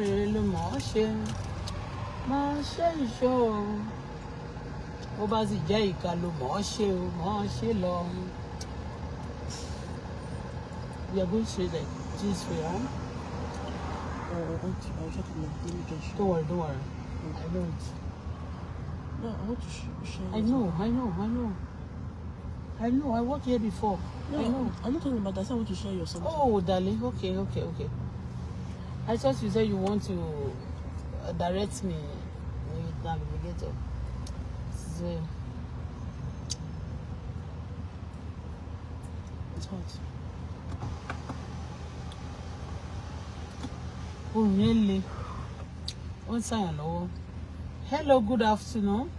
rere ló mọ̀ ọ́ ṣe máa ṣe ìṣó o bó bá sì jẹ́ ìka ló mọ̀ ṣe o mọ̀ ṣe lọ. We are going to like this way, huh? Oh, I want to, I want to show. Don't worry, don't worry. I know it. No, I want to share. I know, I know, I know. I know, I worked here before. No, I know. I'm not talking about that. I want to share your something. Oh, darling. Okay, okay, okay. I thought you said you want to uh, direct me with navigator. So, it's hot. Oh, really? What's I know? Hello, good afternoon.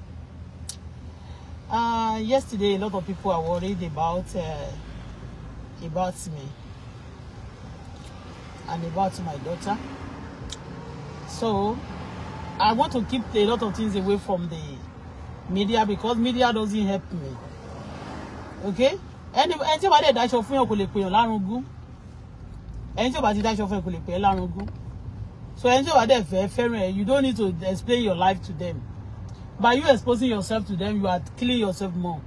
Uh, yesterday, a lot of people are worried about uh, about me and about my daughter. So I want to keep a lot of things away from the media because media doesn't help me. Okay? Ẹni ẹni tí ó bá dẹ̀ dáṣọ fún yàn kò lè pèèyàn lárugún. Ẹni tí ó bá ti dáṣọ fún yàn kò lè pèèyàn So ẹni tí ó bá dẹ̀ fẹ́ you don't need to explain your life to them. By you exposing yourself to them, you are killing yourself more.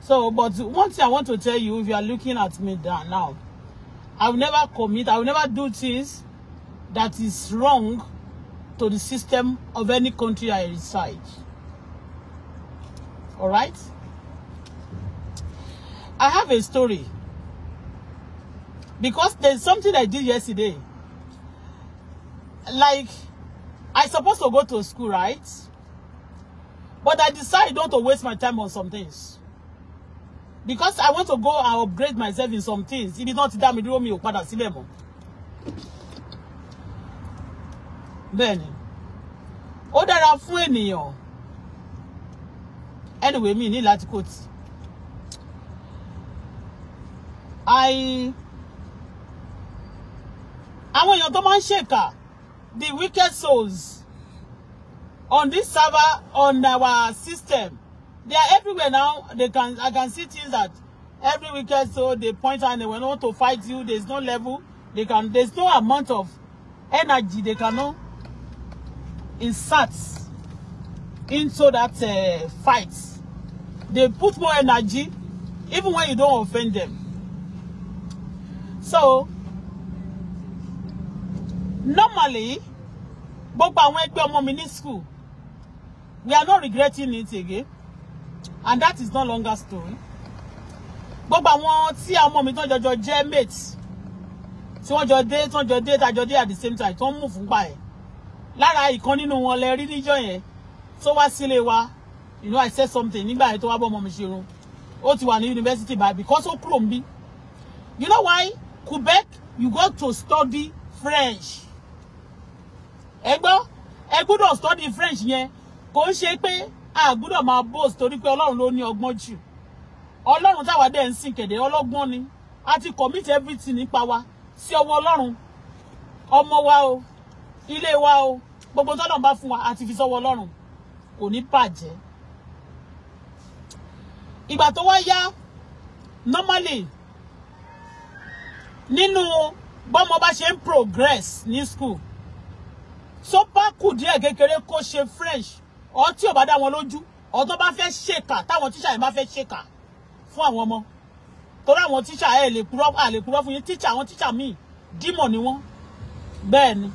So, but one thing I want to tell you, if you are looking at me down now, I will never commit, I will never do things that is wrong to the system of any country I reside. All right? I have a story. Because there's something I did yesterday. Like, I supposed to go to school, right? But I decided not to waste my time on some things because I want to go and upgrade myself in some things ibi náà ti dá mi dúró mi ò padà síbẹ̀ Then. bẹ́ẹ̀ ni ó dára fún ènìyàn anyway me ní láti kò tí I want your tó shaker, the wicked souls on this server on our system They are everywhere now. They can I can see things that every weekend so they point and they will know to fight you. There's no level. They can there's no amount of energy they cannot insert into that uh, fight. They put more energy even when you don't offend them. So, normally, Boba went to a mi ní school, we are not regretting it again and that is no longer story gbogbo àwọn tí ọmọ mi tán jọjọ jẹ́ mate tí wọ́n jọ dé tán jọ dé tàjọ dé at the same time tó ń mú fúnpa ẹ̀ lára ìkan nínú wọn lẹ rí níjọ́ yẹn tó wá sílé wa you know I said something nígbà yẹn tó wá bọ́ ọmọ mi ṣe ó ti wà ní university by because ó kúrò ń you know why Quebec you go to study French ẹ gbọ́ ẹ gbọ́dọ̀ study French yẹn kò ń ṣe pé a gbọ́dọ̀ máa boast torí pé ọlọ́run ló ní ọgbọ́n jù ọlọ́run táwa dẹ̀ ń sìn kẹ̀dẹ̀ ọlọ́gbọ́n ni a ti commit everything nípa wa sí ọwọ́ ọlọ́run ọmọ wa o ilé wa o gbogbo tọ́lọ́run bá fún wa a ti fi sọ́wọ́ ọlọ́run kò ní bàjẹ́ ìgbà tó wá yá normally nínú bọ́mọ bá ṣe ń progress ní school tó bá kù díẹ̀ kékeré kó ṣe French ọ tí ò bá dá wọn lójú ọ tó bá fẹ́ ṣèkà táwọn tíṣà yẹn bá fẹ́ ṣèkà fún àwọn ọmọ torí àwọn tíṣà ẹ lè purọ́ à lè purọ́ fún yín tíṣà àwọn tíṣà míì dímọ̀ ni wọ́n bẹ́ẹ̀ ni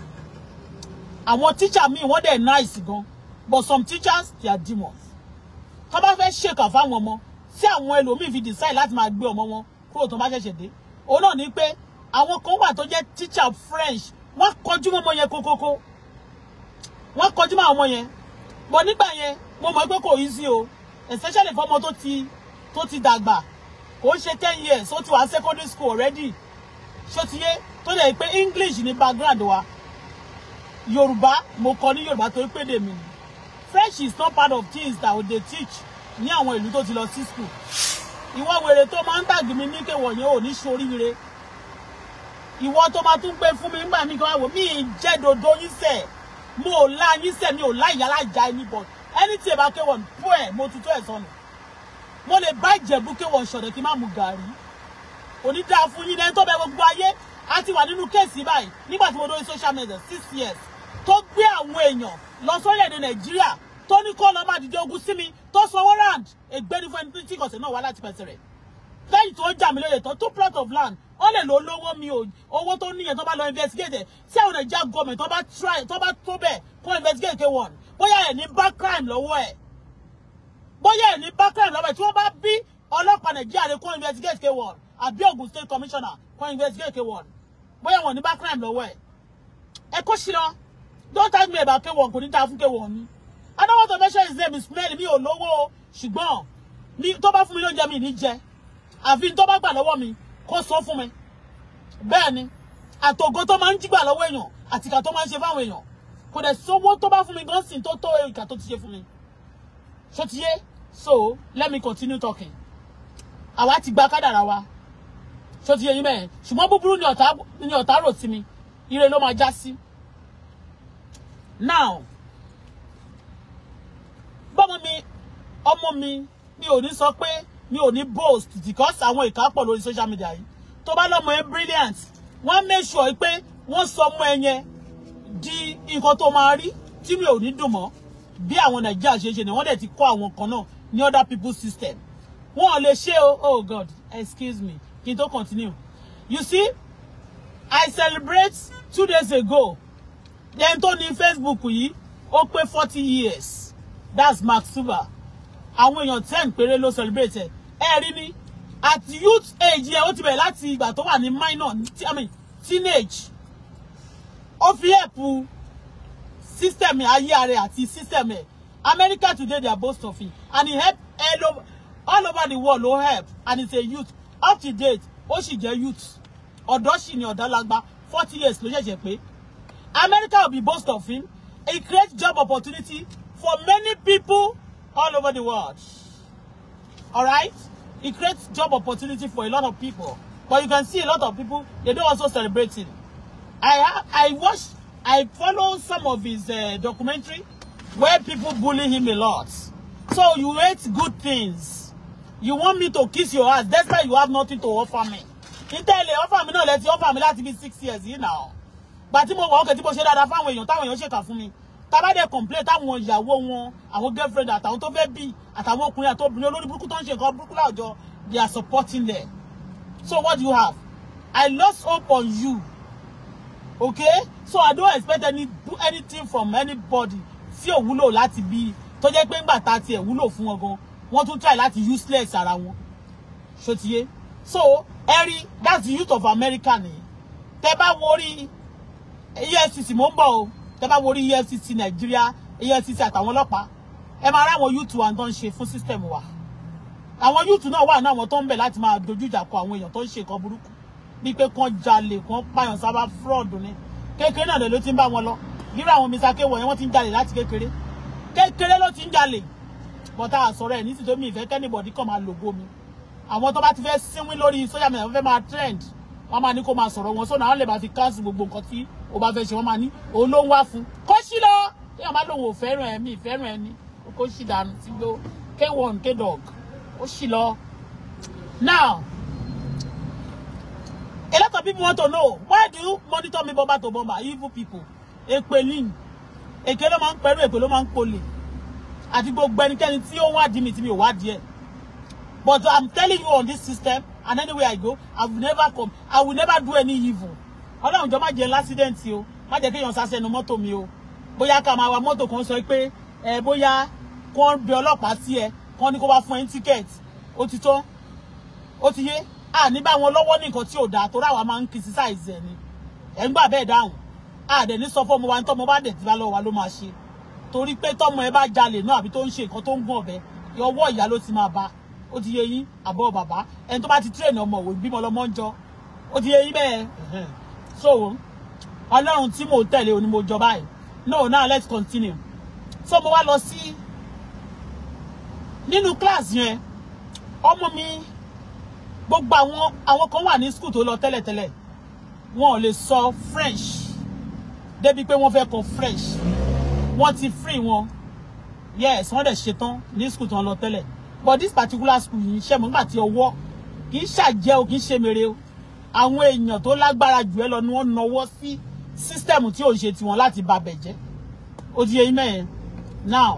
àwọn tíṣà míì wọ́n dẹ̀ nice gan but some teachers they are demons tó bá fẹ́ ṣèkà fáwọn ọmọ tí àwọn ẹlòmíì fi decide láti máa gbé ọmọ wọn kúrò tó bá ṣẹ̀ṣẹ̀ dé òun náà ni pé àwọn kan wà tó jẹ́ teacher French wọ́n kọjú mọ́ ọmọ yẹn kókókó wọ́n kọjú mọ́ àwọn ọmọ yẹn bọ̀ nígbà yẹn mo mọ̀ pé kò yí sí o especially fọmọ tó ti tó ti dàgbà kò ń ṣe ten years ó ti wà secondary school already ṣó ti yé tó dẹ̀ pé english ní background wa yorùbá mo kọ ní yorùbá torí pé dèmi ni french is not part of things that they teach ní àwọn ìlú tó ti lọ sí school ìwọ wèrè tó máa ń tàgì mi ní kéwọ̀ yẹn ò ní ṣoríire ìwọ tó máa tún gbé fún mi nígbà mi kan wò mí jẹ́ dodo yín sẹ́ẹ̀ mo la yín se mi ò la ìyá lájà ni bọ̀ anything about èbá kéwọ̀n pọ̀ ẹ̀ mo tutù ẹ̀ sọnù mo lè bá ìjẹ̀bú kéwọ̀n ṣọ̀dọ̀ kí n má mu gàrí onídàá fún yín lẹ́yìn tó bẹ gbogbo ayé a ti wà nínú kéèsì báyìí nígbà tí mo dórí social media six years tó gbé àwọn èèyàn lọ sórílẹ̀-èdè Nigeria tó ní kó lọ́ọ́ má dìde ogun sí mi tó sanwó rand ègbé ní fún ẹni tí kọ̀sẹ̀ náà wá láti pẹ̀sẹ̀ rẹ̀ lẹ́yìn tó jà mí lóye tán two plot of land wọ́n lè lo olówó mi ò owó tó níyẹn tó bá lọ investigate tí àwọn nàìjíríà gọọmẹ̀ tó bá try tó bá tó bẹ̀ kó investigate ké wọn bóyá ẹ̀ ní bá crime lọ́wọ́ ẹ̀ bóyá ẹ̀ ní bá crime lọ́wọ́ ẹ̀ tí wọ́n bá bí ọlọ́pàá nàìjíríà lè kó investigate ké wọn àbí state commissioner kó investigate ké wọn bóyá wọn ní bá crime lọ́wọ́ ẹ̀ ẹ kó sí lọ don't tell me about ké wọn kò ní ta fún ké wọn ni I don't want to mention his name is smelly mi ò lówó ṣùgbọ́n tó bá fún mi lóúnjẹ mi ní jẹ àfi tó bá gbà lọ́wọ́ mi kó sọ fún mi bẹ́ẹ̀ ni àtògo tó máa ń jígbà lọ́wọ́ èèyàn àti ìkà tó máa ń ṣe fáwọn èèyàn kò dẹ̀ sówó tó bá fún mi gan sìn tó tó ìkà tó ti ṣe fún mi ṣó ti yé so let me continue talking àwa ti gba kádàrà wa ṣó ti yé yín bẹ́ẹ̀ ṣùgbọ́n búburú ni ọ̀tá ni ọ̀tá rò sí mi ire ló máa já sí now bọ́mọ mi ọmọ mi mi ò ní sọ pé mi ò ní boast because àwọn ìka pọ̀ lórí social media yìí tó bá lọ́mọ yẹn brilliant wọ́n make sure pé wọ́n sọ ọmọ ẹ di nǹkan tó máa rí tí mi ò ní dùn mọ́ bí àwọn nàìjíríà ṣe ṣe ni wọ́n dẹ̀ ti kọ́ àwọn kan náà ní other people system wọn ò lè o oh god excuse me kí n continue you see i celebrate two days ago ẹni tó ní facebook yìí ó pé forty years that's mark suba àwọn èèyàn ten péré ló celebrate ẹ̀ ẹ rí ni at youth age yẹn ó ti bẹ̀rẹ̀ láti ìgbà tó wà ní minor I mean teenage ó fi help system ayé rẹ̀ àti system ẹ̀ America today they boast of it and he help all over, all over the world ló help and it's a youth up to date ó sì jẹ́ youth ọ̀dọ́ sì ni ọ̀dàlágbà forty years ló ṣẹ̀ṣẹ̀ pé America will be boast of him He creates job opportunity for many people all over the world. All right? It creates job opportunity for a lot of people. But you can see a lot of people, they don't also celebrate it. I, I watch, I follow some of his uh, documentary where people bully him a lot. So you hate good things. You want me to kiss your ass. That's why you have nothing to offer me. Intele offer me no náà You offer me láti bí six years You know. But Gbàtí mo wà ókè tí mo ṣe dáadáa fáwọn èèyàn táwọn èèyàn ṣèkà fún me tabadẹ complain táwọn ìyàwó wọn àwọn girlfriend àtàwọn tó fẹ́ bí àtàwọn ọkùnrin àtọbìnrin olórí burúkú tó ń ṣe nǹkan burúkú láwùjọ they are supporting them so what do you have i lost hope on you okay so i don't expect any do anything from anybody tí ò wúlò láti bí tó jẹ́ pé ńgbà tá tiẹ̀ wúlò fún wọn gan wọ́n tún try láti useless ara wọn ṣó so ẹ̀rí that's the youth of america nìyí tẹ bá wọ́n rí efcc mò ń bọ̀ o tẹ́ bá worí EFCC Nàìjíríà EFCC àtàwọn ọlọ́pàá ẹ máa ráwọn youth wa tó ń ṣe fún system wa àwọn youth náà wà ní àwọn tó ń bẹ̀ láti máa dojú ìjà kọ àwọn èèyàn tó ń ṣe nǹkan burúkú bíi pé kán jalè kán pààyàn sábà fraud ni kékeré náà ló ti ń bá wọn lọ nírú àwọn mr k wọ̀nyẹn wọ́n ti ń jalè láti kékeré kékeré ló ti ń jalè bọ́tà àsọ̀rọ̀ ẹ̀ ní tìtómi ìfẹ́ kẹ́nìbọ̀dì kan máa lògo mi àwọn tó bá ti fẹ́ sínwín lórí sójà mẹ́ta fẹ́ máa trend wọ́n máa ní kó máa sọ̀rọ̀ wọn sọ́nà àwọn lè bá fi káàsì gbogbo nǹkan tí o bá fẹ́ ṣe wọ́n máa ní òun wá fún kó sí lọ kí wọ́n bá lòun ò fẹ́ràn ẹ̀mí ìfẹ́ràn ẹni kó sì dànù sí gbó k1 kdog ó sì lọ. now a lot of people want to know why do you monitor me bumper to bumper evil people èpè lin èké ló máa ń pẹ̀lú èpè ló máa ń polè àti gbogbo ẹnikẹ́ni tí ó wádìí mi tí mi ò wádìí ẹ̀ but i'm telling you on this system and anywhere I go, I will never come. I will never do any evil. Ọlọ́run jọ má my lásídẹ̀ǹtì o, má jẹ́ kéèyàn sá sẹ́nu mọ́tò mi o. Bóyá ká máa wa mọ́tò kan sọ pé ẹ bóyá kán bẹ ọlọ́pàá sí ẹ, kán ní kó wá fún ẹ ní tíkẹ́ẹ̀tì. Ó ti tán, ó ti yé. criticize ẹ ni. Ẹ ń gbà bẹ́ẹ̀ dáhùn. À dẹ̀ ní sọ fọ́mọ wa ní tọ́mọ bá dẹ̀ ti bá lọ́wọ́ wa ló máa ṣe. Torí pé tọ́mọ ẹ bá jalè náà àbí tó ń ṣe nǹkan tó ó ti yé yín àbọ̀ bàbá ẹni tó ti train ọmọ òwe bímọ lọmọ ń jọ ó ti yé yín so ọlọ́run tí mò ń tẹ̀lé mo jọ báyìí no now let's continue so mo wá lọ sí nínú class yẹn ọmọ mi gbogbo àwọn àwọn kan wà ní school tó lọ tẹ́lẹ̀tẹ́lẹ̀ wọn ò lè sọ French débi pé wọ́n fẹ́ kọ French wọ́n ti free wọn yes wọ́n dẹ̀ ṣetán ní school tó ń lọ tẹ́lẹ̀ but this particular school yìí ṣe mọ̀ nígbà tí ọwọ́ kì í o kì í ṣe o àwọn èèyàn tó lágbára jù ẹ lọ ni wọ́n nawọ́ sí sísítẹ̀mù tí ò ń ṣe tiwọn láti bà bẹ̀ jẹ́ ti yẹ yín mẹ́yẹn now